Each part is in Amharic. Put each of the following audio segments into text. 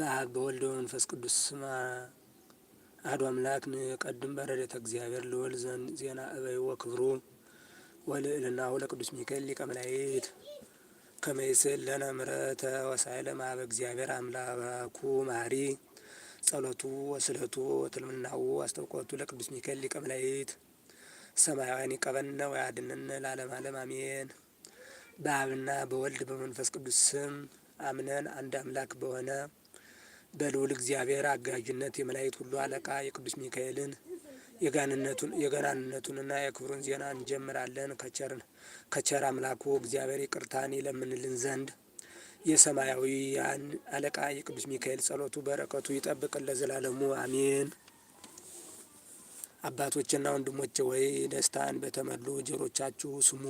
በአብ በወልድ በመንፈስ ቅዱስ ስም አሐዱ አምላክ ንቀድም በረድኤተ እግዚአብሔር ልወል ዜና እበይዎ ክብሩ ወልዕልናሁ ለቅዱስ ሚካኤል ሊቀ መላእክት ከመ ይስዕል ለነ ምሕረተ ወሳዕለ ማኀበ እግዚአብሔር አምላኩ መሐሪ ጸሎቱ ወስለቱ ወትልምናው አስተውቆቱ ለቅዱስ ሚካኤል ሊቀ መላእክት ሰማያውያን ይቀበነ ወያድነነ ለዓለመ ዓለም አሜን። በአብና በወልድ በመንፈስ ቅዱስ ስም አምነን አንድ አምላክ በሆነ በልዑል እግዚአብሔር አጋዥነት የመላእክት ሁሉ አለቃ የቅዱስ ሚካኤልን የጋንነቱን የገናንነቱንና የክብሩን ዜና እንጀምራለን። ከቸርን ከቸር አምላኩ እግዚአብሔር ይቅርታን ይለምንልን ዘንድ የሰማያዊ አለቃ የቅዱስ ሚካኤል ጸሎቱ በረከቱ ይጠብቅን ለዘላለሙ አሜን። አባቶችና ወንድሞቼ ወይ ደስታን በተመሉ ጆሮቻችሁ ስሙ።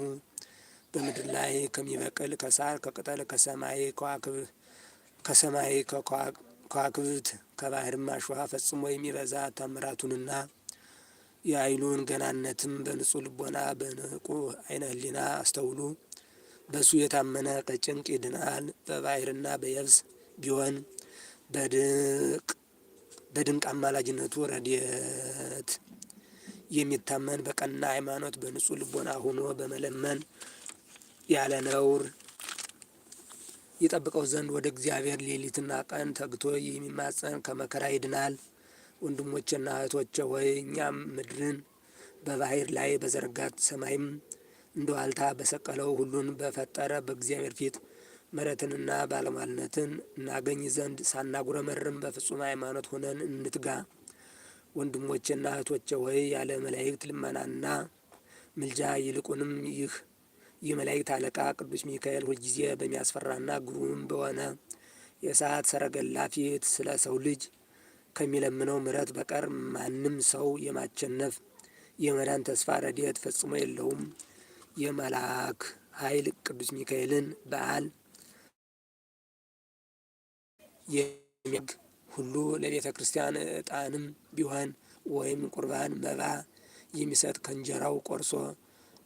በምድር ላይ ከሚበቅል ከሳር ከቅጠል ከሰማይ ከዋክብ ከሰማይ ከዋክብት ከባህርም አሸዋ ፈጽሞ የሚበዛ ታምራቱንና የአይሉን ገናነትም በንጹህ ልቦና በንቁ አይነ ህሊና አስተውሉ። በሱ የታመነ ቀጭንቅ ይድናል። በባህርና በየብስ ቢሆን በድንቅ አማላጅነቱ ረድኤት የሚታመን በቀና ሃይማኖት በንጹህ ልቦና ሆኖ በመለመን ያለ ነውር ይጠብቀው ዘንድ ወደ እግዚአብሔር ሌሊትና ቀን ተግቶ የሚማጸን ከመከራ ይድናል። ወንድሞቼና እህቶቼ ወይ እኛም ምድርን በባህር ላይ በዘረጋት ሰማይም እንደ ዋልታ በሰቀለው ሁሉን በፈጠረ በእግዚአብሔር ፊት ምሕረትንና ባለሟልነትን እናገኝ ዘንድ ሳናጉረመርም በፍጹም ሃይማኖት ሆነን እንትጋ። ወንድሞቼና እህቶቼ ወይ ያለ መላእክት ልመናና ምልጃ ይልቁንም ይህ የመላእክት አለቃ ቅዱስ ሚካኤል ሁልጊዜ በሚያስፈራና ግሩም በሆነ የሰዓት ሰረገላ ፊት ስለ ሰው ልጅ ከሚለምነው ምረት በቀር ማንም ሰው የማቸነፍ የመዳን ተስፋ ረድኤት ፈጽሞ የለውም። የመልአክ ኃይል ቅዱስ ሚካኤልን በዓል የሚያግ ሁሉ ለቤተ ክርስቲያን እጣንም ቢሆን ወይም ቁርባን መባ የሚሰጥ ከእንጀራው ቆርሶ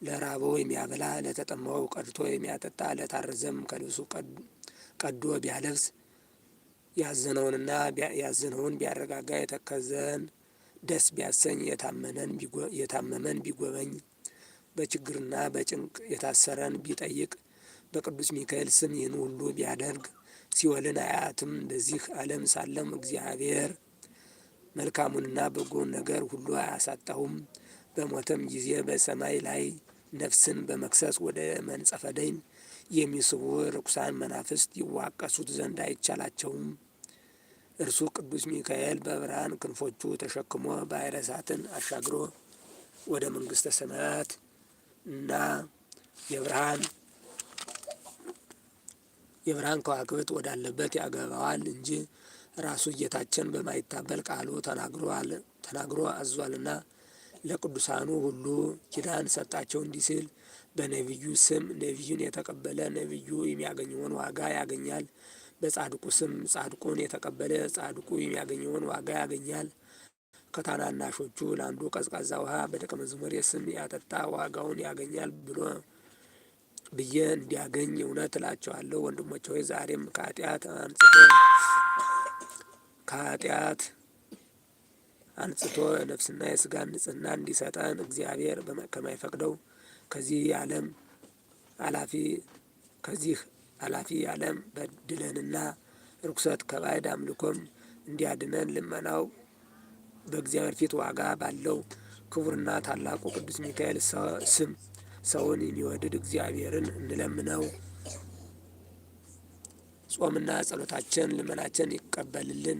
ለራበው የሚያበላ ለተጠማው ቀድቶ የሚያጠጣ ለታረዘም ከልብሱ ቀዶ ቢያለብስ ያዘነውንና ያዘነውን ቢያረጋጋ የተከዘን ደስ ቢያሰኝ የታመመን ቢጎበኝ በችግርና በጭንቅ የታሰረን ቢጠይቅ በቅዱስ ሚካኤል ስም ይህን ሁሉ ቢያደርግ ሲወልን አያትም በዚህ ዓለም ሳለም እግዚአብሔር መልካሙንና በጎን ነገር ሁሉ አያሳጣሁም። በሞተም ጊዜ በሰማይ ላይ ነፍስን በመክሰስ ወደ መንጸፈ ደይን የሚስቡ ርኩሳን መናፍስት ይዋቀሱት ዘንድ አይቻላቸውም። እርሱ ቅዱስ ሚካኤል በብርሃን ክንፎቹ ተሸክሞ ባሕረ እሳትን አሻግሮ ወደ መንግሥተ ሰማያት እና የብርሃን የብርሃን ከዋክብት ወዳለበት ያገባዋል እንጂ ራሱ ጌታችን በማይታበል ቃሉ ተናግሮ አዟልና ለቅዱሳኑ ሁሉ ኪዳን ሰጣቸው እንዲህ ሲል በነቢዩ ስም ነቢዩን የተቀበለ ነቢዩ የሚያገኘውን ዋጋ ያገኛል። በጻድቁ ስም ጻድቁን የተቀበለ ጻድቁ የሚያገኘውን ዋጋ ያገኛል። ከታናናሾቹ ለአንዱ ቀዝቃዛ ውሃ በደቀ መዝሙር ስም ያጠጣ ዋጋውን ያገኛል ብሎ ብዬ እንዲያገኝ እውነት እላቸዋለሁ ወንድሞቼ ሆይ ዛሬም ከኃጢአት አንጽቶ ከኃጢአት አንጽቶ የነፍስና የስጋን ንጽህና እንዲሰጠን እግዚአብሔር ከማይፈቅደው ከዚህ ዓለም አላፊ ከዚህ አላፊ ዓለም በድለንና ርኩሰት ከባዕድ አምልኮም እንዲያድነን ልመናው በእግዚአብሔር ፊት ዋጋ ባለው ክቡርና ታላቁ ቅዱስ ሚካኤል ስም ሰውን የሚወድድ እግዚአብሔርን እንለምነው። ጾምና ጸሎታችን ልመናችን ይቀበልልን።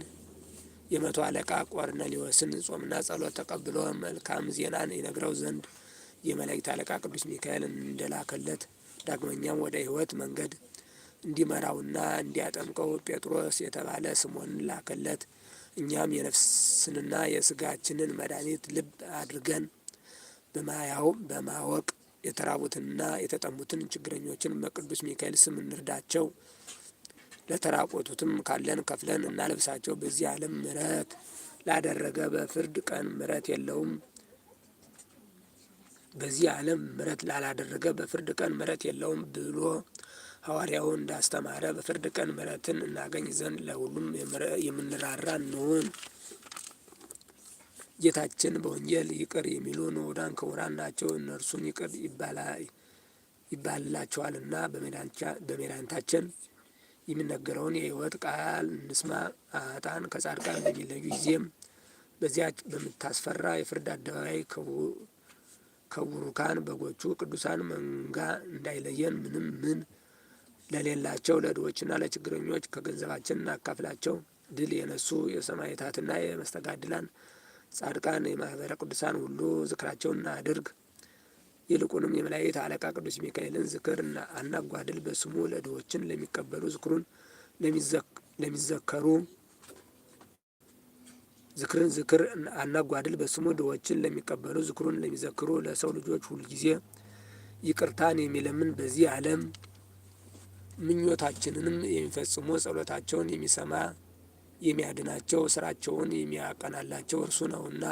የመቶ አለቃ ቆርኔሌዎስን ጾምና ጸሎት ተቀብሎ መልካም ዜናን ይነግረው ዘንድ የመላእክት አለቃ ቅዱስ ሚካኤል እንደላከለት ዳግመኛም ወደ ሕይወት መንገድ እንዲመራውና እንዲያጠምቀው ጴጥሮስ የተባለ ስሞን ላከለት። እኛም የነፍስንና የስጋችንን መድኃኒት ልብ አድርገን በማያው በማወቅ የተራቡትንና የተጠሙትን ችግረኞችን በቅዱስ ሚካኤል ስም እንርዳቸው። ለተራቆቱትም ካለን ከፍለን እናልብሳቸው። በዚህ ዓለም ምረት ላደረገ በፍርድ ቀን ምረት የለውም። በዚህ ዓለም ምረት ላላደረገ በፍርድ ቀን ምረት የለውም ብሎ ሐዋርያው እንዳስተማረ በፍርድ ቀን ምረትን እናገኝ ዘንድ ለሁሉም የምንራራ እንሆን። ጌታችን በወንጌል ይቅር የሚሉ ንዑዳን ክቡራን ናቸው፣ እነርሱን ይቅር እና በመድኃኒታችን የሚነገረውን የህይወት ቃል እንስማ። አጣን ከጻድቃን በሚለዩ ጊዜም በዚያ በምታስፈራ የፍርድ አደባባይ ከውሩካን በጎቹ ቅዱሳን መንጋ እንዳይለየን ምንም ምን ለሌላቸው ለድሆችና ለችግረኞች ከገንዘባችን እናካፍላቸው። ድል የነሱ የሰማዕታትና የመስተጋድላን ጻድቃን የማህበረ ቅዱሳን ሁሉ ዝክራቸውን እናድርግ። ይልቁንም የመላእክት አለቃ ቅዱስ ሚካኤልን ዝክር አናጓድል። በስሙ ለድሆችን ለሚቀበሉ ዝክሩን ለሚዘከሩ ዝክርን ዝክር አናጓድል። በስሙ ድሆችን ለሚቀበሉ ዝክሩን ለሚዘክሩ ለሰው ልጆች ሁልጊዜ ይቅርታን የሚለምን በዚህ ዓለም ምኞታችንንም የሚፈጽሙ ጸሎታቸውን የሚሰማ የሚያድናቸው ስራቸውን የሚያቀናላቸው እርሱ ነውና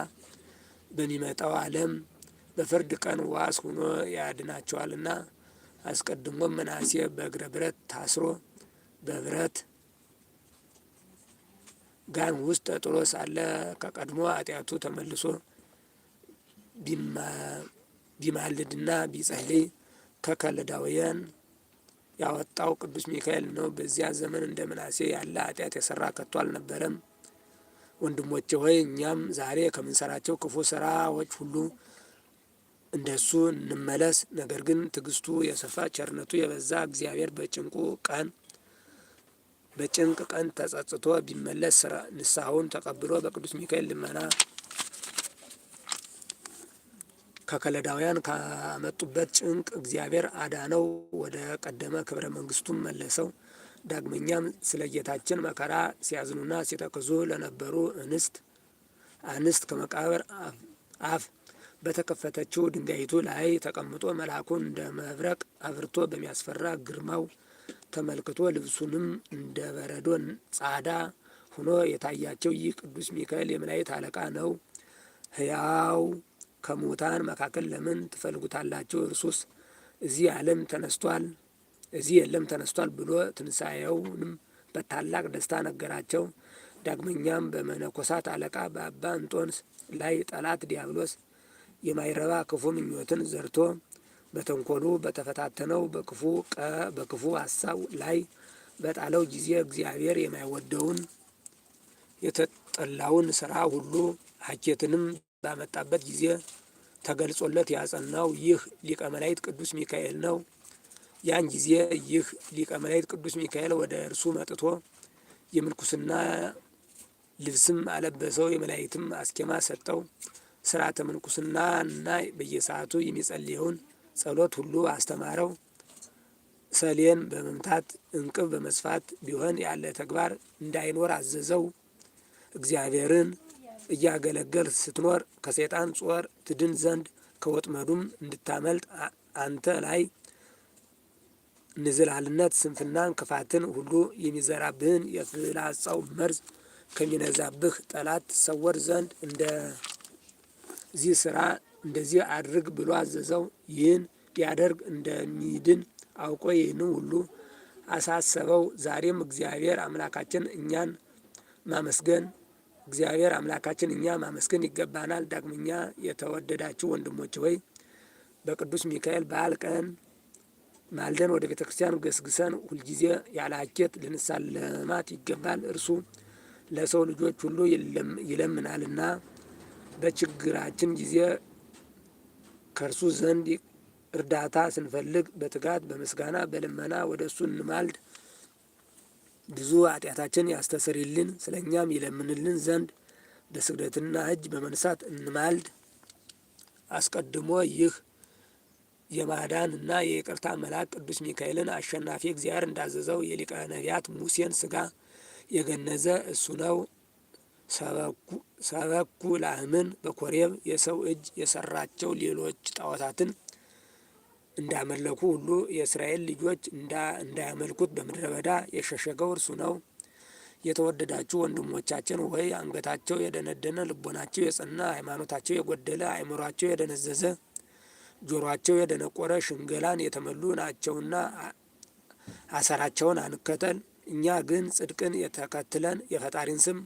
በሚመጣው ዓለም በፍርድ ቀን ዋስ ሆኖ ያድናቸዋልና። አስቀድሞ ምናሴ በእግረ ብረት ታስሮ በብረት ጋን ውስጥ ተጥሎ ሳለ ከቀድሞ አጢአቱ ተመልሶ ቢማልድና ቢጸልይ ከከለዳውያን ያወጣው ቅዱስ ሚካኤል ነው። በዚያ ዘመን እንደ ምናሴ ያለ አጢአት የሰራ ከቶ አልነበረም። ወንድሞቼ ሆይ እኛም ዛሬ ከምንሰራቸው ክፉ ስራዎች ሁሉ እንደ እሱ እንመለስ። ነገር ግን ትዕግስቱ የሰፋ ቸርነቱ የበዛ እግዚአብሔር በጭንቁ ቀን በጭንቅ ቀን ተጸጽቶ ቢመለስ ንስሐውን ተቀብሎ በቅዱስ ሚካኤል ልመና ከከለዳውያን ካመጡበት ጭንቅ እግዚአብሔር አዳነው፣ ወደ ቀደመ ክብረ መንግስቱም መለሰው። ዳግመኛም ስለ ጌታችን መከራ ሲያዝኑና ሲተክዙ ለነበሩ እንስት አንስት ከመቃብር አፍ በተከፈተችው ድንጋይቱ ላይ ተቀምጦ መልአኩን እንደ መብረቅ አብርቶ በሚያስፈራ ግርማው ተመልክቶ ልብሱንም እንደ በረዶን ጻዳ ሆኖ የታያቸው ይህ ቅዱስ ሚካኤል የመላእክት አለቃ ነው። ሕያው ከሙታን መካከል ለምን ትፈልጉታላችሁ? እርሱስ እዚህ ዓለም ተነስቷል፣ እዚህ የለም ተነስቷል ብሎ ትንሣኤውንም በታላቅ ደስታ ነገራቸው። ዳግመኛም በመነኮሳት አለቃ በአባ እንጦንስ ላይ ጠላት ዲያብሎስ የማይረባ ክፉ ምኞትን ዘርቶ በተንኮሉ በተፈታተነው በክፉ በክፉ ሀሳብ ላይ በጣለው ጊዜ እግዚአብሔር የማይወደውን የተጠላውን ስራ ሁሉ ሀኬትንም ባመጣበት ጊዜ ተገልጾለት ያጸናው ይህ ሊቀ መላእክት ቅዱስ ሚካኤል ነው። ያን ጊዜ ይህ ሊቀ መላእክት ቅዱስ ሚካኤል ወደ እርሱ መጥቶ የምንኩስና ልብስም አለበሰው፣ የመላእክትም አስኬማ ሰጠው። ስርዓተ ምንኩስና እና በየሰዓቱ የሚጸልየውን ጸሎት ሁሉ አስተማረው። ሰሌን በመምታት እንቅብ በመስፋት ቢሆን ያለ ተግባር እንዳይኖር አዘዘው። እግዚአብሔርን እያገለገል ስትኖር ከሰይጣን ጾር ትድን ዘንድ ከወጥመዱም እንድታመልጥ አንተ ላይ ንዝላልነት፣ ስንፍናን፣ ክፋትን ሁሉ የሚዘራብህን የፍላጻው መርዝ ከሚነዛብህ ጠላት ትሰወር ዘንድ እንደ እዚህ ስራ እንደዚህ አድርግ ብሎ አዘዘው። ይህን ቢያደርግ እንደሚድን አውቆ ይህንን ሁሉ አሳሰበው። ዛሬም እግዚአብሔር አምላካችን እኛን ማመስገን እግዚአብሔር አምላካችን እኛ ማመስገን ይገባናል። ዳግምኛ የተወደዳችሁ ወንድሞች ሆይ በቅዱስ ሚካኤል በዓል ቀን ማልደን ወደ ቤተ ክርስቲያን ገስግሰን ሁልጊዜ ያለ ሀኬት ልንሳለማት ይገባል። እርሱ ለሰው ልጆች ሁሉ ይለምናልና በችግራችን ጊዜ ከእርሱ ዘንድ እርዳታ ስንፈልግ በትጋት በምስጋና በልመና ወደ እሱ እንማልድ። ብዙ ኃጢአታችን ያስተሰሪልን ስለ እኛም ይለምንልን ዘንድ በስግደትና እጅ በመንሳት እንማልድ። አስቀድሞ ይህ የማዳን እና የይቅርታ መልአክ ቅዱስ ሚካኤልን አሸናፊ እግዚአብሔር እንዳዘዘው የሊቀ ነቢያት ሙሴን ስጋ የገነዘ እሱ ነው። ሰበኩ ላህምን በኮሬብ የሰው እጅ የሰራቸው ሌሎች ጣዖታትን እንዳመለኩ ሁሉ የእስራኤል ልጆች እንዳያመልኩት በምድረ በዳ የሸሸገው እርሱ ነው። የተወደዳችሁ ወንድሞቻችን ወይ አንገታቸው የደነደነ ልቦናቸው የጸና ሃይማኖታቸው የጎደለ አእምሯቸው የደነዘዘ ጆሮአቸው የደነቆረ ሽንገላን የተመሉ ናቸውና አሰራቸውን አንከተል። እኛ ግን ጽድቅን ተከትለን የፈጣሪን ስም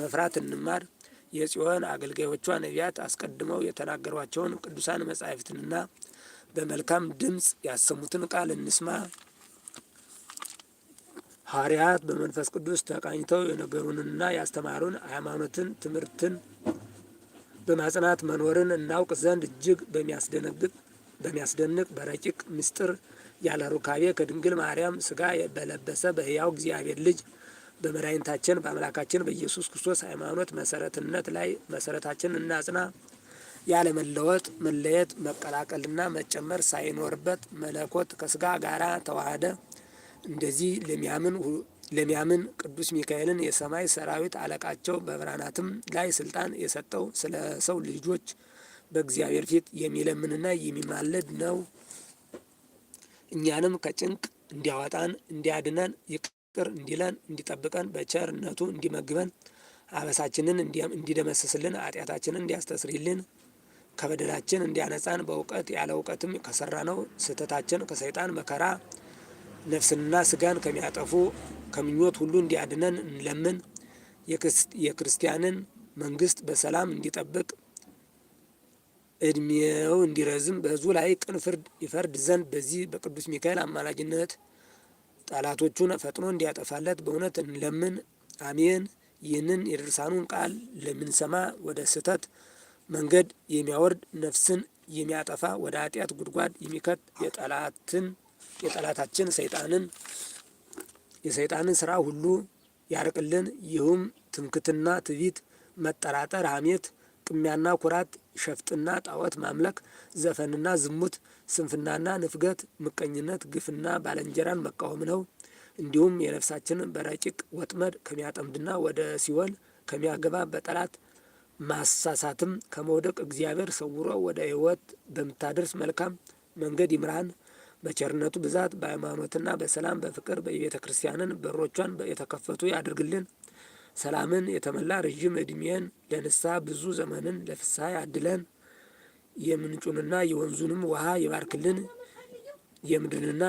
መፍራት እንማር። የጽዮን አገልጋዮቿ ነቢያት አስቀድመው የተናገሯቸውን ቅዱሳን መጻሕፍትንና በመልካም ድምፅ ያሰሙትን ቃል እንስማ። ሐዋርያት በመንፈስ ቅዱስ ተቃኝተው የነገሩንና ያስተማሩን ሃይማኖትን፣ ትምህርትን በማጽናት መኖርን እናውቅ ዘንድ እጅግ በሚያስደነግጥ በሚያስደንቅ በረቂቅ ምስጢር ያለ ሩካቤ ከድንግል ማርያም ስጋ በለበሰ በሕያው እግዚአብሔር ልጅ በመድኃኒታችን በአምላካችን በኢየሱስ ክርስቶስ ሃይማኖት መሰረትነት ላይ መሰረታችን እናጽና። ያለመለወጥ መለየት፣ መቀላቀልና መጨመር ሳይኖርበት መለኮት ከስጋ ጋራ ተዋህደ። እንደዚህ ለሚያምን ለሚያምን ቅዱስ ሚካኤልን የሰማይ ሰራዊት አለቃቸው በብርሃናትም ላይ ስልጣን የሰጠው ስለ ሰው ልጆች በእግዚአብሔር ፊት የሚለምንና የሚማለድ ነው። እኛንም ከጭንቅ እንዲያወጣን እንዲያድነን ቅር እንዲለን እንዲጠብቀን በቸርነቱ እንዲመግበን አበሳችንን እንዲደመስስልን አጢአታችንን እንዲያስተስሪልን ከበደላችን እንዲያነጻን በእውቀት ያለ እውቀትም ከሰራ ነው ስህተታችን ከሰይጣን መከራ ነፍስንና ስጋን ከሚያጠፉ ከምኞት ሁሉ እንዲያድነን እንለምን። የክርስቲያንን መንግስት በሰላም እንዲጠብቅ እድሜው እንዲረዝም በህዝቡ ላይ ቅን ፍርድ ይፈርድ ዘንድ በዚህ በቅዱስ ሚካኤል አማላጅነት ጠላቶቹን ፈጥኖ እንዲያጠፋለት በእውነት እንለምን። አሜን። ይህንን የድርሳኑን ቃል ለምንሰማ ወደ ስህተት መንገድ የሚያወርድ ነፍስን የሚያጠፋ ወደ ኃጢአት ጉድጓድ የሚከት የጠላትን የጠላታችን ሰይጣንን የሰይጣንን ስራ ሁሉ ያርቅልን። ይህም ትምክትና፣ ትዕቢት፣ መጠራጠር፣ ሐሜት ቅሚያና ኩራት፣ ሸፍጥና ጣዖት ማምለክ፣ ዘፈንና ዝሙት፣ ስንፍናና ንፍገት፣ ምቀኝነት፣ ግፍና ባለንጀራን መቃወም ነው። እንዲሁም የነፍሳችንን በረቂቅ ወጥመድ ከሚያጠምድና ወደ ሲኦል ከሚያገባ በጠላት ማሳሳትም ከመውደቅ እግዚአብሔር ሰውሮ ወደ ሕይወት በምታደርስ መልካም መንገድ ይምራን። በቸርነቱ ብዛት በሃይማኖትና በሰላም በፍቅር የቤተ ክርስቲያንን በሮቿን የተከፈቱ ያድርግልን። ሰላምን የተመላ ረዥም ዕድሜን ለንሳ ብዙ ዘመንን ለፍሳ ያድለን። የምንጩንና የወንዙንም ውሃ ይባርክልን። የምድርንና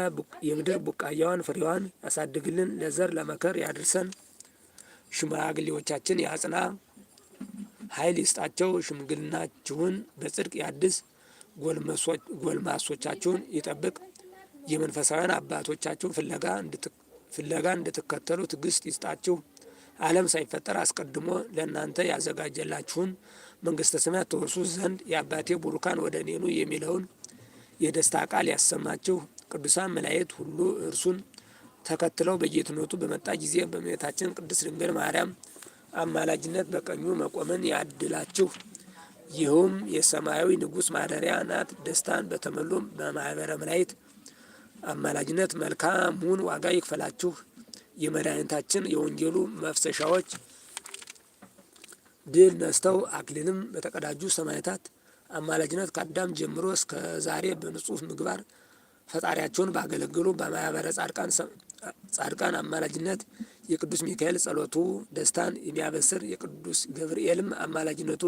የምድር ቡቃያዋን ፍሬዋን ያሳድግልን። ለዘር ለመከር ያድርሰን። ሽማግሌዎቻችን ያጽና፣ ኃይል ይስጣቸው። ሽምግልናችሁን በጽድቅ ያድስ፣ ጎልማሶቻችሁን ይጠብቅ። የመንፈሳውያን አባቶቻችሁ ፍለጋ እንድትከተሉ ትዕግስት ይስጣችሁ። ዓለም ሳይፈጠር አስቀድሞ ለእናንተ ያዘጋጀላችሁን መንግስተ ሰማያት ትወርሱ ዘንድ የአባቴ ቡሩካን ወደ እኔኑ የሚለውን የደስታ ቃል ያሰማችሁ ቅዱሳን መላእክት ሁሉ እርሱን ተከትለው በጌትነቱ በመጣ ጊዜ በእመቤታችን ቅድስት ድንግል ማርያም አማላጅነት በቀኙ መቆምን ያድላችሁ። ይህም የሰማያዊ ንጉሥ ማደሪያ ናት። ደስታን በተመሉ በማኅበረ መላእክት አማላጅነት መልካሙን ዋጋ ይክፈላችሁ። የመድኃኒታችን የወንጌሉ መፍሰሻዎች ድል ነስተው አክሊልም በተቀዳጁ ሰማዕታት አማላጅነት ከአዳም ጀምሮ እስከ ዛሬ በንጹሕ ምግባር ፈጣሪያቸውን ባገለግሉ በማያበረ ጻድቃን አማላጅነት የቅዱስ ሚካኤል ጸሎቱ ደስታን የሚያበስር የቅዱስ ገብርኤልም አማላጅነቱ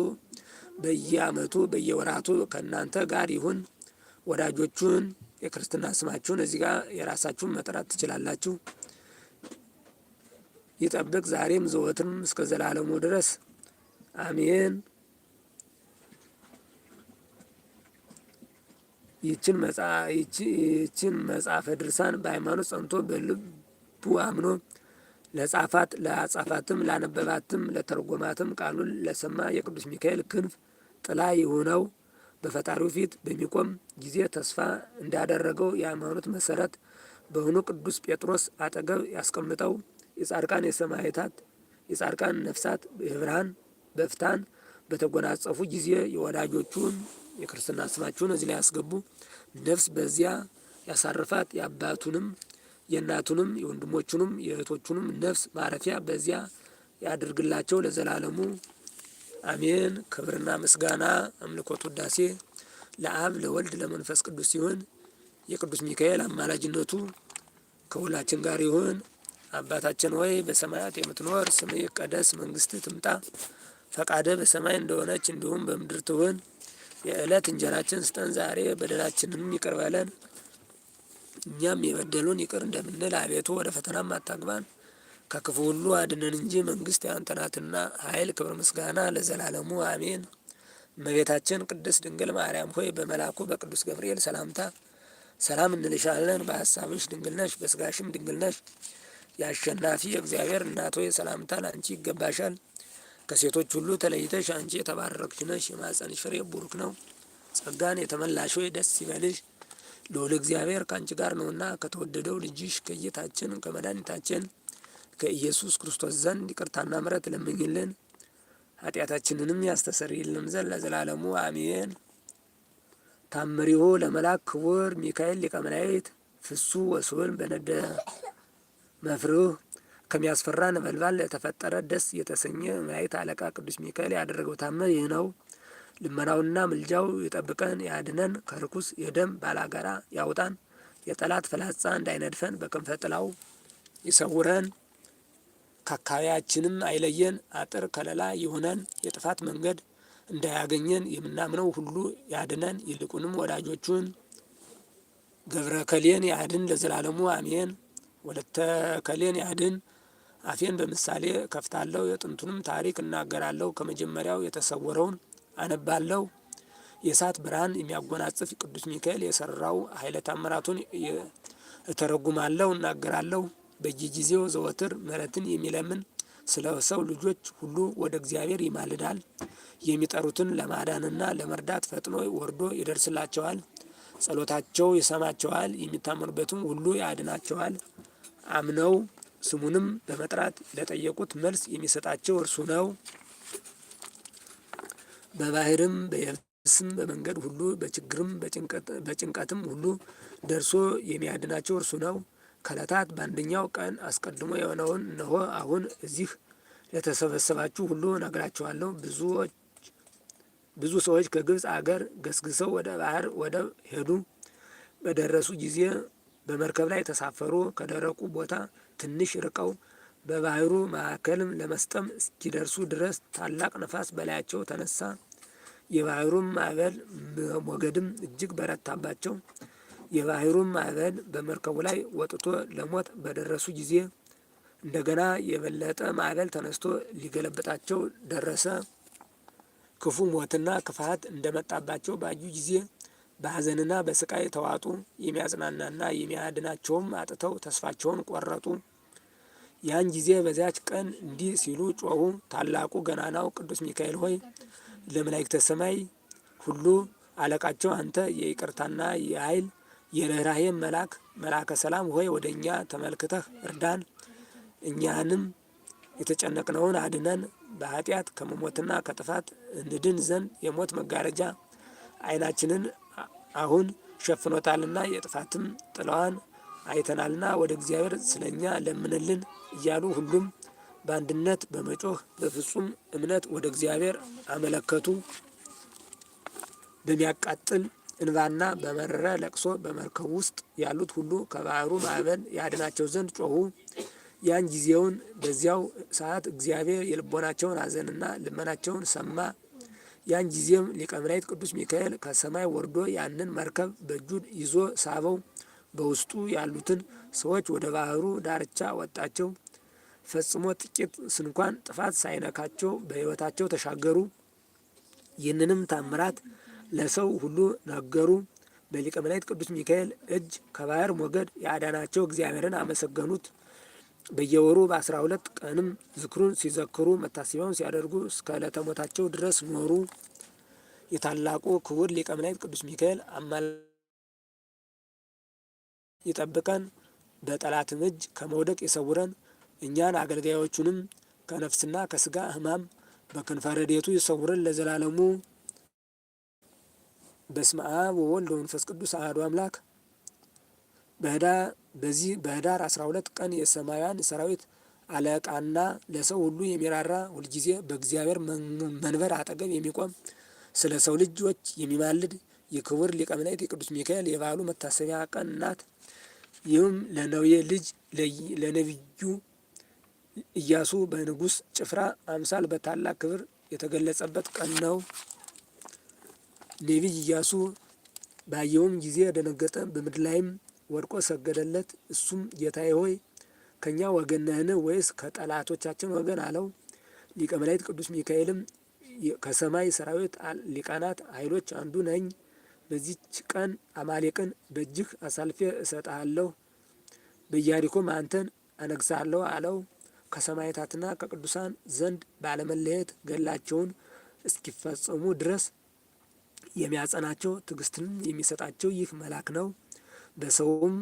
በየዓመቱ በየወራቱ ከእናንተ ጋር ይሁን። ወዳጆቹን የክርስትና ስማችሁን እዚህ ጋር የራሳችሁን መጥራት ትችላላችሁ። ይጠብቅ ዛሬም ዘወትም እስከ ዘላለሙ ድረስ አሜን። ይችን መጽሐፈ ድርሳን በሃይማኖት ጸንቶ በልቡ አምኖ ለጻፋት ለጻፋትም ላነበባትም ለተርጎማትም ቃሉን ለሰማ የቅዱስ ሚካኤል ክንፍ ጥላ የሆነው በፈጣሪው ፊት በሚቆም ጊዜ ተስፋ እንዳደረገው የሃይማኖት መሰረት በሆኑ ቅዱስ ጴጥሮስ አጠገብ ያስቀምጠው። የጻድቃን የሰማዕታት የጻድቃን ነፍሳት በብርሃን በፍታን በተጎናጸፉ ጊዜ የወላጆቹን የክርስትና ስማችሁን እዚህ ላይ ያስገቡ። ነፍስ በዚያ ያሳርፋት። የአባቱንም የእናቱንም የወንድሞቹንም የእህቶቹንም ነፍስ ማረፊያ በዚያ ያድርግላቸው ለዘላለሙ አሜን። ክብርና ምስጋና አምልኮት ውዳሴ ለአብ ለወልድ ለመንፈስ ቅዱስ ሲሆን የቅዱስ ሚካኤል አማላጅነቱ ከሁላችን ጋር ይሁን። አባታችን ሆይ በሰማያት የምትኖር ስምህ ይቀደስ፣ መንግስት ትምጣ፣ ፈቃደ በሰማይ እንደሆነች እንዲሁም በምድር ትሁን። የዕለት እንጀራችን ስጠን ዛሬ፣ በደላችንም ይቅር በለን እኛም የበደሉን ይቅር እንደምንል፣ አቤቱ ወደ ፈተናም አታግባን፣ ከክፉ ሁሉ አድነን እንጂ መንግስት ያንተ ናትና፣ ኃይል፣ ክብር፣ ምስጋና ለዘላለሙ አሜን። እመቤታችን ቅድስት ድንግል ማርያም ሆይ በመልአኩ በቅዱስ ገብርኤል ሰላምታ ሰላም እንልሻለን። በሀሳብሽ ድንግል ነሽ፣ በስጋሽም ድንግል ነሽ። የአሸናፊ የእግዚአብሔር እናቶ የሰላምታ ሰላምታ ለአንቺ ይገባሻል። ከሴቶች ሁሉ ተለይተሽ አንቺ የተባረክሽ ነሽ፣ የማኅፀንሽ ፍሬ ቡሩክ ነው። ጸጋን የተመላሽ ሆይ ደስ ይበልሽ፣ ልዑል እግዚአብሔር ከአንቺ ጋር ነውና ከተወደደው ልጅሽ ከጌታችን ከመድኃኒታችን ከኢየሱስ ክርስቶስ ዘንድ ይቅርታና ምሕረት ለምኝልን ኃጢአታችንንም ያስተሰርይልን ዘንድ ለዘላለሙ አሜን። ታምሪሁ ለመልአክ ክቡር ሚካኤል ሊቀ መላእክት ፍሱ ወስብን በነደ መፍርህ ከሚያስፈራ ነበልባል ለተፈጠረ ደስ የተሰኘ ማየት አለቃ ቅዱስ ሚካኤል ያደረገው ታምር ይህ ነው። ልመናውና ምልጃው ይጠብቀን፣ ያድነን፣ ከርኩስ የደም ባላጋራ ያውጣን፣ የጠላት ፍላጻ እንዳይነድፈን በክንፈ ጥላው ይሰውረን፣ ከአካባቢያችንም አይለየን፣ አጥር ከለላ ይሆነን፣ የጥፋት መንገድ እንዳያገኘን የምናምነው ሁሉ ያድነን። ይልቁንም ወዳጆቹን ገብረ ከሌን ያድን ለዘላለሙ አሜን። ወለተ ከሌን ያድን አፌን በምሳሌ ከፍታለሁ፣ የጥንቱንም ታሪክ እናገራለሁ። ከመጀመሪያው የተሰወረውን አነባለሁ። የእሳት ብርሃን የሚያጎናጽፍ ቅዱስ ሚካኤል የሰራው ኃይለ ታምራቱን እተረጉማለሁ፣ እናገራለሁ። በየጊዜው ዘወትር ምሕረትን የሚለምን ስለ ሰው ልጆች ሁሉ ወደ እግዚአብሔር ይማልዳል። የሚጠሩትን ለማዳንና ለመርዳት ፈጥኖ ወርዶ ይደርስላቸዋል። ጸሎታቸው ይሰማቸዋል፣ የሚታመኑበትም ሁሉ ያድናቸዋል። አምነው ስሙንም በመጥራት ለጠየቁት መልስ የሚሰጣቸው እርሱ ነው። በባህርም በየብስም በመንገድ ሁሉ በችግርም በጭንቀትም ሁሉ ደርሶ የሚያድናቸው እርሱ ነው። ከዕለታት በአንደኛው ቀን አስቀድሞ የሆነውን እነሆ አሁን እዚህ ለተሰበሰባችሁ ሁሉ ነግራችኋለሁ። ብዙ ሰዎች ከግብፅ አገር ገስግሰው ወደ ባህር ወደብ ሄዱ። በደረሱ ጊዜ በመርከብ ላይ ተሳፈሩ። ከደረቁ ቦታ ትንሽ ርቀው በባህሩ ማዕከልም ለመስጠም እስኪደርሱ ድረስ ታላቅ ነፋስ በላያቸው ተነሳ። የባህሩም ማዕበል ሞገድም እጅግ በረታባቸው። የባህሩም ማዕበል በመርከቡ ላይ ወጥቶ ለሞት በደረሱ ጊዜ እንደገና የበለጠ ማዕበል ተነስቶ ሊገለብጣቸው ደረሰ። ክፉ ሞትና ክፋት እንደመጣባቸው ባዩ ጊዜ በሐዘንና በስቃይ ተዋጡ። የሚያጽናናና የሚያድናቸውም አጥተው ተስፋቸውን ቆረጡ። ያን ጊዜ በዚያች ቀን እንዲህ ሲሉ ጮኹ። ታላቁ ገናናው ቅዱስ ሚካኤል ሆይ ለመላእክተ ሰማይ ሁሉ አለቃቸው አንተ የይቅርታና የኃይል የርኅራሄም መልአክ መልአከ ሰላም ሆይ ወደ እኛ ተመልክተህ እርዳን፣ እኛንም የተጨነቅነውን አድነን፣ በኃጢአት ከመሞትና ከጥፋት እንድን ዘንድ የሞት መጋረጃ አይናችንን። አሁን ሸፍኖታልና የጥፋትም ጥላዋን አይተናልና ወደ እግዚአብሔር ስለኛ ለምንልን እያሉ ሁሉም በአንድነት በመጮህ በፍጹም እምነት ወደ እግዚአብሔር አመለከቱ። በሚያቃጥል እንባና በመረረ ለቅሶ በመርከብ ውስጥ ያሉት ሁሉ ከባህሩ ማዕበል ያድናቸው ዘንድ ጮኹ። ያን ጊዜውን በዚያው ሰዓት እግዚአብሔር የልቦናቸውን አዘንና ልመናቸውን ሰማ። ያን ጊዜም ሊቀ መላእክት ቅዱስ ሚካኤል ከሰማይ ወርዶ ያንን መርከብ በእጁ ይዞ ሳበው። በውስጡ ያሉትን ሰዎች ወደ ባህሩ ዳርቻ ወጣቸው። ፈጽሞ ጥቂት ስንኳን ጥፋት ሳይነካቸው በሕይወታቸው ተሻገሩ። ይህንንም ታምራት ለሰው ሁሉ ነገሩ። በሊቀ መላእክት ቅዱስ ሚካኤል እጅ ከባህር ሞገድ የአዳናቸው እግዚአብሔርን አመሰገኑት። በየወሩ በ12 ቀንም ዝክሩን ሲዘክሩ መታሰቢያውን ሲያደርጉ እስከ ዕለተ ሞታቸው ድረስ ኖሩ። የታላቁ ክቡር ሊቀ መላእክት ቅዱስ ሚካኤል አማል ይጠብቀን፣ በጠላትም እጅ ከመውደቅ ይሰውረን፣ እኛን አገልጋዮቹንም ከነፍስና ከስጋ ህማም በክንፈ ረድኤቱ ይሰውረን ለዘላለሙ። በስመ አብ ወወልድ ወመንፈስ ቅዱስ አሐዱ አምላክ በዚህ በህዳር 12 ቀን የሰማያን ሰራዊት አለቃና ለሰው ሁሉ የሚራራ ሁልጊዜ በእግዚአብሔር መንበር አጠገብ የሚቆም ስለ ሰው ልጆች የሚማልድ የክቡር ሊቀ መላእክት የቅዱስ ሚካኤል የበዓሉ መታሰቢያ ቀን ናት። ይህም ለነዌ ልጅ ለነቢዩ ኢያሱ በንጉሥ ጭፍራ አምሳል በታላቅ ክብር የተገለጸበት ቀን ነው። ነቢይ ኢያሱ ባየውም ጊዜ ደነገጠ። በምድር ላይም ወድቆ ሰገደለት። እሱም ጌታዬ ሆይ ከእኛ ወገን ነህን ወይስ ከጠላቶቻችን ወገን አለው። ሊቀ መላእክት ቅዱስ ሚካኤልም ከሰማይ ሰራዊት ሊቃናት ኃይሎች አንዱ ነኝ፣ በዚች ቀን አማሌቅን በእጅህ አሳልፌ እሰጥሃለሁ፣ በኢያሪኮም አንተን አነግሳለሁ አለው። ከሰማዕታትና ከቅዱሳን ዘንድ ባለመለየት ገድላቸውን እስኪፈጸሙ ድረስ የሚያጸናቸው ትዕግስትንም የሚሰጣቸው ይህ መልአክ ነው። በሰውም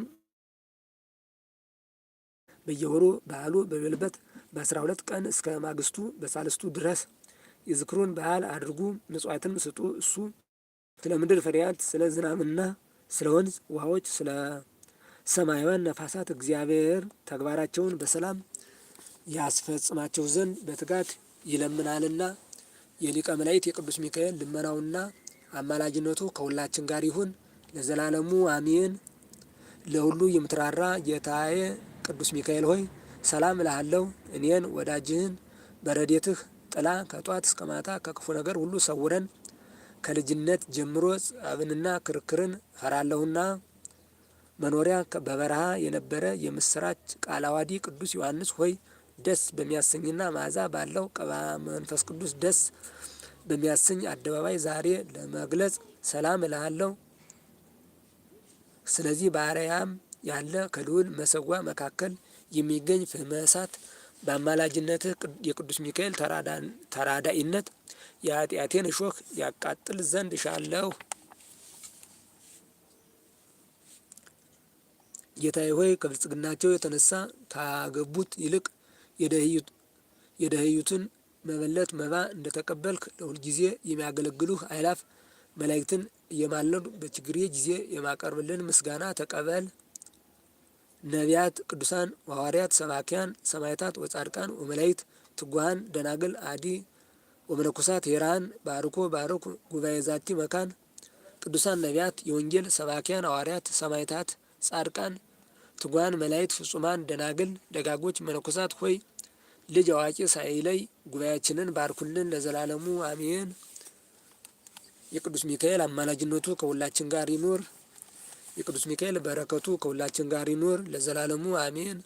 በየወሩ በዓሉ በበልበት በአስራ ሁለት ቀን እስከ ማግስቱ በሳልስቱ ድረስ የዝክሩን በዓል አድርጉ። ምጽዋትም ስጡ። እሱ ስለ ምድር ፍሬያት፣ ስለ ዝናብና ስለ ወንዝ ውሃዎች፣ ስለ ሰማያውያን ነፋሳት እግዚአብሔር ተግባራቸውን በሰላም ያስፈጽማቸው ዘንድ በትጋት ይለምናልና። የሊቀ መላእክት የቅዱስ ሚካኤል ልመናውና አማላጅነቱ ከሁላችን ጋር ይሁን ለዘላለሙ አሜን። ለሁሉ የምትራራ ጌታዬ ቅዱስ ሚካኤል ሆይ ሰላም እልሃለሁ። እኔን ወዳጅህን በረዴትህ ጥላ ከጧት እስከ ማታ ከክፉ ነገር ሁሉ ሰውረን። ከልጅነት ጀምሮ ጸብንና ክርክርን ፈራለሁና መኖሪያ በበረሃ የነበረ የምስራች ቃለ ዓዋዲ ቅዱስ ዮሐንስ ሆይ ደስ በሚያሰኝና መዓዛ ባለው ቀባ መንፈስ ቅዱስ ደስ በሚያሰኝ አደባባይ ዛሬ ለመግለጽ ሰላም እልሃለሁ። ስለዚህ በአርያም ያለ ከልዑል መሰዋ መካከል የሚገኝ ፍህመ እሳት የቅዱስ ሚካኤል ተራዳኢነት የኃጢአቴን እሾህ ያቃጥል ዘንድ እሻለሁ። ጌታዬ ሆይ ከብልጽግናቸው የተነሳ ካገቡት ይልቅ የደህዩትን መበለት መባ እንደተቀበልክ ለሁልጊዜ የሚያገለግሉህ አይላፍ መላእክትን የማለዱ በችግሬ ጊዜ የማቀርብልን ምስጋና ተቀበል። ነቢያት፣ ቅዱሳን፣ ሐዋርያት፣ ሰባኪያን፣ ሰማዕታት ወጻድቃን ወመላእክት፣ ትጉሃን፣ ደናግል፣ አዲ ወመነኮሳት ሄራን ባርኮ ባርኩ ጉባኤ ዛቲ መካን ቅዱሳን ነቢያት፣ የወንጌል ሰባኪያን፣ ሐዋርያት፣ ሰማዕታት፣ ጻድቃን፣ ትጉሃን፣ መላእክት፣ ፍጹማን ደናግል፣ ደጋጎች መነኮሳት ሆይ ልጅ አዋቂ ሳይለይ ጉባኤያችንን ባርኩልን ለዘላለሙ አሜን። የቅዱስ ሚካኤል አማላጅነቱ ከሁላችን ጋር ይኖር። የቅዱስ ሚካኤል በረከቱ ከሁላችን ጋር ይኖር ለዘላለሙ አሜን።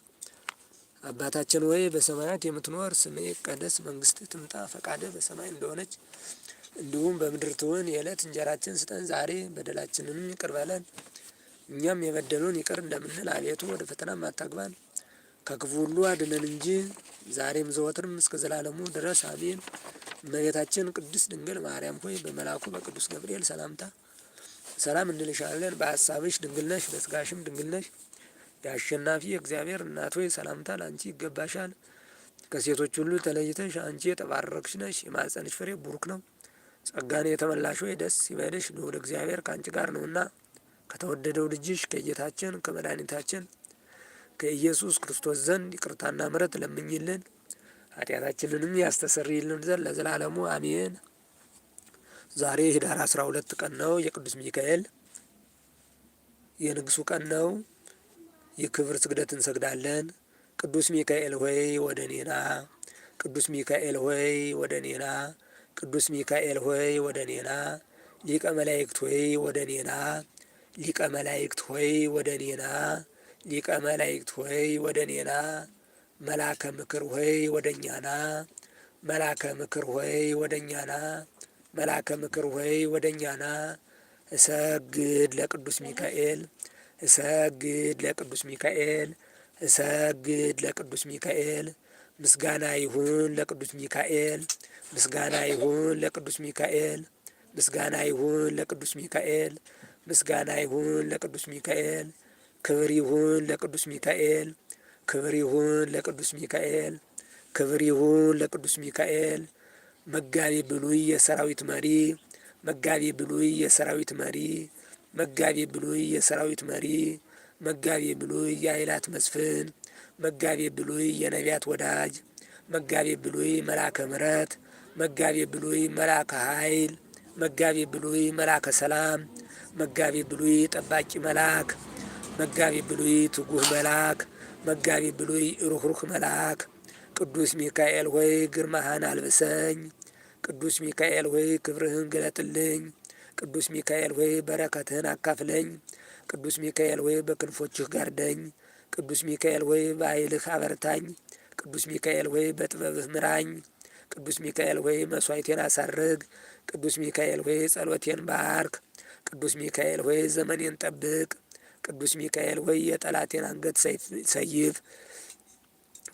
አባታችን ወይ በሰማያት የምትኖር ስምህ ይቀደስ፣ መንግስት ትምጣ፣ ፈቃደ በሰማይ እንደሆነች እንዲሁም በምድር ትሁን። የዕለት እንጀራችን ስጠን ዛሬ፣ በደላችንንም ይቅር በለን እኛም የበደሉን ይቅር እንደምንል፣ አቤቱ ወደ ፈተናም አታግባን ከክፉ ሁሉ አድነን እንጂ ዛሬም ዘወትርም እስከ ዘላለሙ ድረስ አሜን። እመቤታችን ቅድስት ድንግል ማርያም ሆይ በመልአኩ በቅዱስ ገብርኤል ሰላምታ ሰላም እንልሻለን። በሀሳብሽ ድንግል ነሽ፣ በስጋሽም ድንግል ነሽ። የአሸናፊ እግዚአብሔር እናት ሆይ ሰላምታ ለአንቺ ይገባሻል። ከሴቶች ሁሉ ተለይተሽ አንቺ የተባረክሽ ነሽ፣ የማጸንሽ ፍሬ ቡሩክ ነው። ጸጋን የተመላሽ ሆይ ደስ ይበልሽ፣ ልዑል እግዚአብሔር ከአንቺ ጋር ነውና ከተወደደው ልጅሽ ከጌታችን ከመድኃኒታችን ከኢየሱስ ክርስቶስ ዘንድ ይቅርታና ምሕረት ለምኝልን ኃጢአታችንንም ያስተሰርይልን ዘንድ ለዘላለሙ አሜን። ዛሬ ህዳር አስራ ሁለት ቀን ነው። የቅዱስ ሚካኤል የንግሱ ቀን ነው። የክብር ስግደት እንሰግዳለን። ቅዱስ ሚካኤል ሆይ ወደ ኔና ቅዱስ ሚካኤል ሆይ ወደ ኔና ቅዱስ ሚካኤል ሆይ ወደ ኔና ሊቀ መላእክት ሆይ ወደ ኔና ሊቀ መላእክት ሆይ ወደ ኔና። ሊቀ መላእክት ሆይ ወደ እኔና መላከ ምክር ሆይ ወደ እኛና መላከ ምክር ሆይ ወደ እኛና መላከ ምክር ሆይ ወደ እኛና እሰግድ ለቅዱስ ሚካኤል እሰግድ ለቅዱስ ሚካኤል እሰግድ ለቅዱስ ሚካኤል ምስጋና ይሁን ለቅዱስ ሚካኤል ምስጋና ይሁን ለቅዱስ ሚካኤል ምስጋና ይሁን ለቅዱስ ሚካኤል ምስጋና ይሁን ለቅዱስ ሚካኤል ክብር ይሁን ለቅዱስ ሚካኤል፣ ክብር ይሁን ለቅዱስ ሚካኤል፣ ክብር ይሁን ለቅዱስ ሚካኤል። መጋቤ ብሉይ የሰራዊት መሪ፣ መጋቤ ብሉይ የሰራዊት መሪ፣ መጋቤ ብሉይ የሰራዊት መሪ፣ መጋቤ ብሉይ የኃይላት መስፍን፣ መጋቤ ብሉይ የነቢያት ወዳጅ፣ መጋቤ ብሉይ መልአከ ምሕረት፣ መጋቤ ብሉይ መልአከ ኃይል፣ መጋቤ ብሉይ መልአከ ሰላም፣ መጋቤ ብሉይ ጠባቂ መልአክ መጋቢ ብሉይ ትጉህ መልአክ መጋቢ ብሉይ ሩህሩህ መልአክ ቅዱስ ሚካኤል ሆይ ግርማህን አልብሰኝ። ቅዱስ ሚካኤል ሆይ ክብርህን ግለጥልኝ። ቅዱስ ሚካኤል ሆይ በረከትህን አካፍለኝ። ቅዱስ ሚካኤል ሆይ በክንፎችህ ጋርደኝ። ቅዱስ ሚካኤል ሆይ በኃይልህ አበርታኝ። ቅዱስ ሚካኤል ሆይ በጥበብህ ምራኝ። ቅዱስ ሚካኤል ሆይ መስዋይቴን አሳርግ። ቅዱስ ሚካኤል ሆይ ጸሎቴን ባርክ። ቅዱስ ሚካኤል ሆይ ዘመኔን ጠብቅ። ቅዱስ ሚካኤል ሆይ የጠላቴን አንገት ሰይፍ።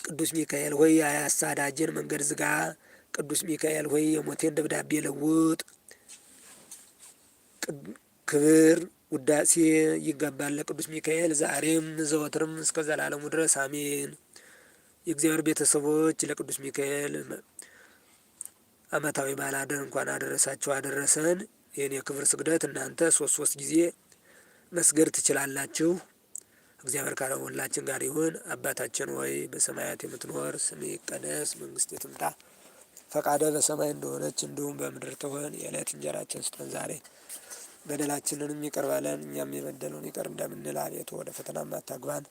ቅዱስ ሚካኤል ሆይ የአሳዳጅን መንገድ ዝጋ። ቅዱስ ሚካኤል ሆይ የሞቴን ደብዳቤ ለውጥ። ክብር ውዳሴ ይገባል ለቅዱስ ሚካኤል ዛሬም ዘወትርም እስከ ዘላለሙ ድረስ አሜን። የእግዚአብሔር ቤተሰቦች ለቅዱስ ሚካኤል ዓመታዊ በዓል እንኳን አደረሳችሁ አደረሰን። ይህን የክብር ስግደት እናንተ ሶስት ሶስት ጊዜ መስገድ ትችላላችሁ። እግዚአብሔር ካለው ሁላችን ጋር ይሁን። አባታችን ሆይ በሰማያት የምትኖር ስምህ ይቀደስ፣ መንግስት ትምጣ፣ ፈቃደ በሰማይ እንደሆነች እንዲሁም በምድር ትሆን። የዕለት እንጀራችን ስጠን ዛሬ፣ በደላችንንም ይቅር በለን እኛም የበደሉን ይቅር እንደምንል፣ አቤቱ ወደ ፈተና ማታግባን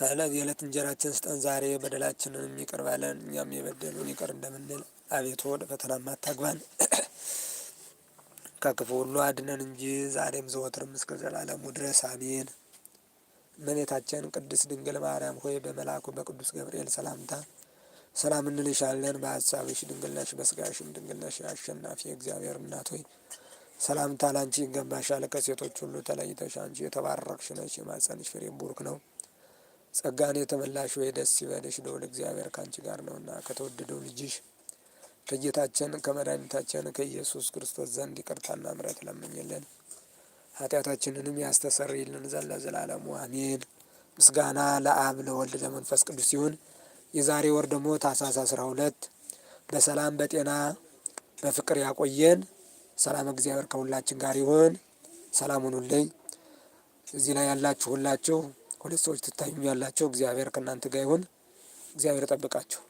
ከእለት የዕለት እንጀራችን ስጠን ዛሬ፣ በደላችንንም ይቅር በለን እኛም የበደሉን ይቅር እንደምንል፣ አቤቱ ወደ ፈተና ማታግባን ከክፉ ሁሉ አድነን እንጂ ዛሬም ዘወትርም እስከ ዘላለሙ ድረስ አሜን። እመቤታችን ቅድስት ድንግል ማርያም ሆይ በመልአኩ በቅዱስ ገብርኤል ሰላምታ ሰላም እንልሻለን። በሀሳብሽ ድንግል ነሽ፣ በስጋሽም ድንግል ነሽ። አሸናፊ እግዚአብሔር እናት ሆይ ሰላምታ ላንቺ ይገባሻል። ከሴቶች ሁሉ ተለይተሽ አንቺ የተባረክሽ ነሽ፣ የማጸንሽ ፍሬ ቡሩክ ነው። ጸጋን የተመላሽ ወይ ደስ ይበልሽ፣ ልዑል እግዚአብሔር ከአንቺ ጋር ነውና ከተወደደው ልጅሽ ከጌታችን ከመድኃኒታችን ከኢየሱስ ክርስቶስ ዘንድ ይቅርታና ምሕረት ለምኝልን ኃጢአታችንንም ያስተሰርይልን ዘንድ ለዘላለሙ አሜን። ምስጋና ለአብ ለወልድ ለመንፈስ ቅዱስ ሲሆን የዛሬ ወር ደግሞ ታኅሳስ አስራ ሁለት በሰላም በጤና በፍቅር ያቆየን። ሰላም እግዚአብሔር ከሁላችን ጋር ይሆን። ሰላም ሁኑልኝ። እዚህ ላይ ያላችሁ ሁላችሁ ሁለት ሰዎች ትታዩኝ ያላችሁ እግዚአብሔር ከእናንተ ጋር ይሁን። እግዚአብሔር ጠብቃችሁ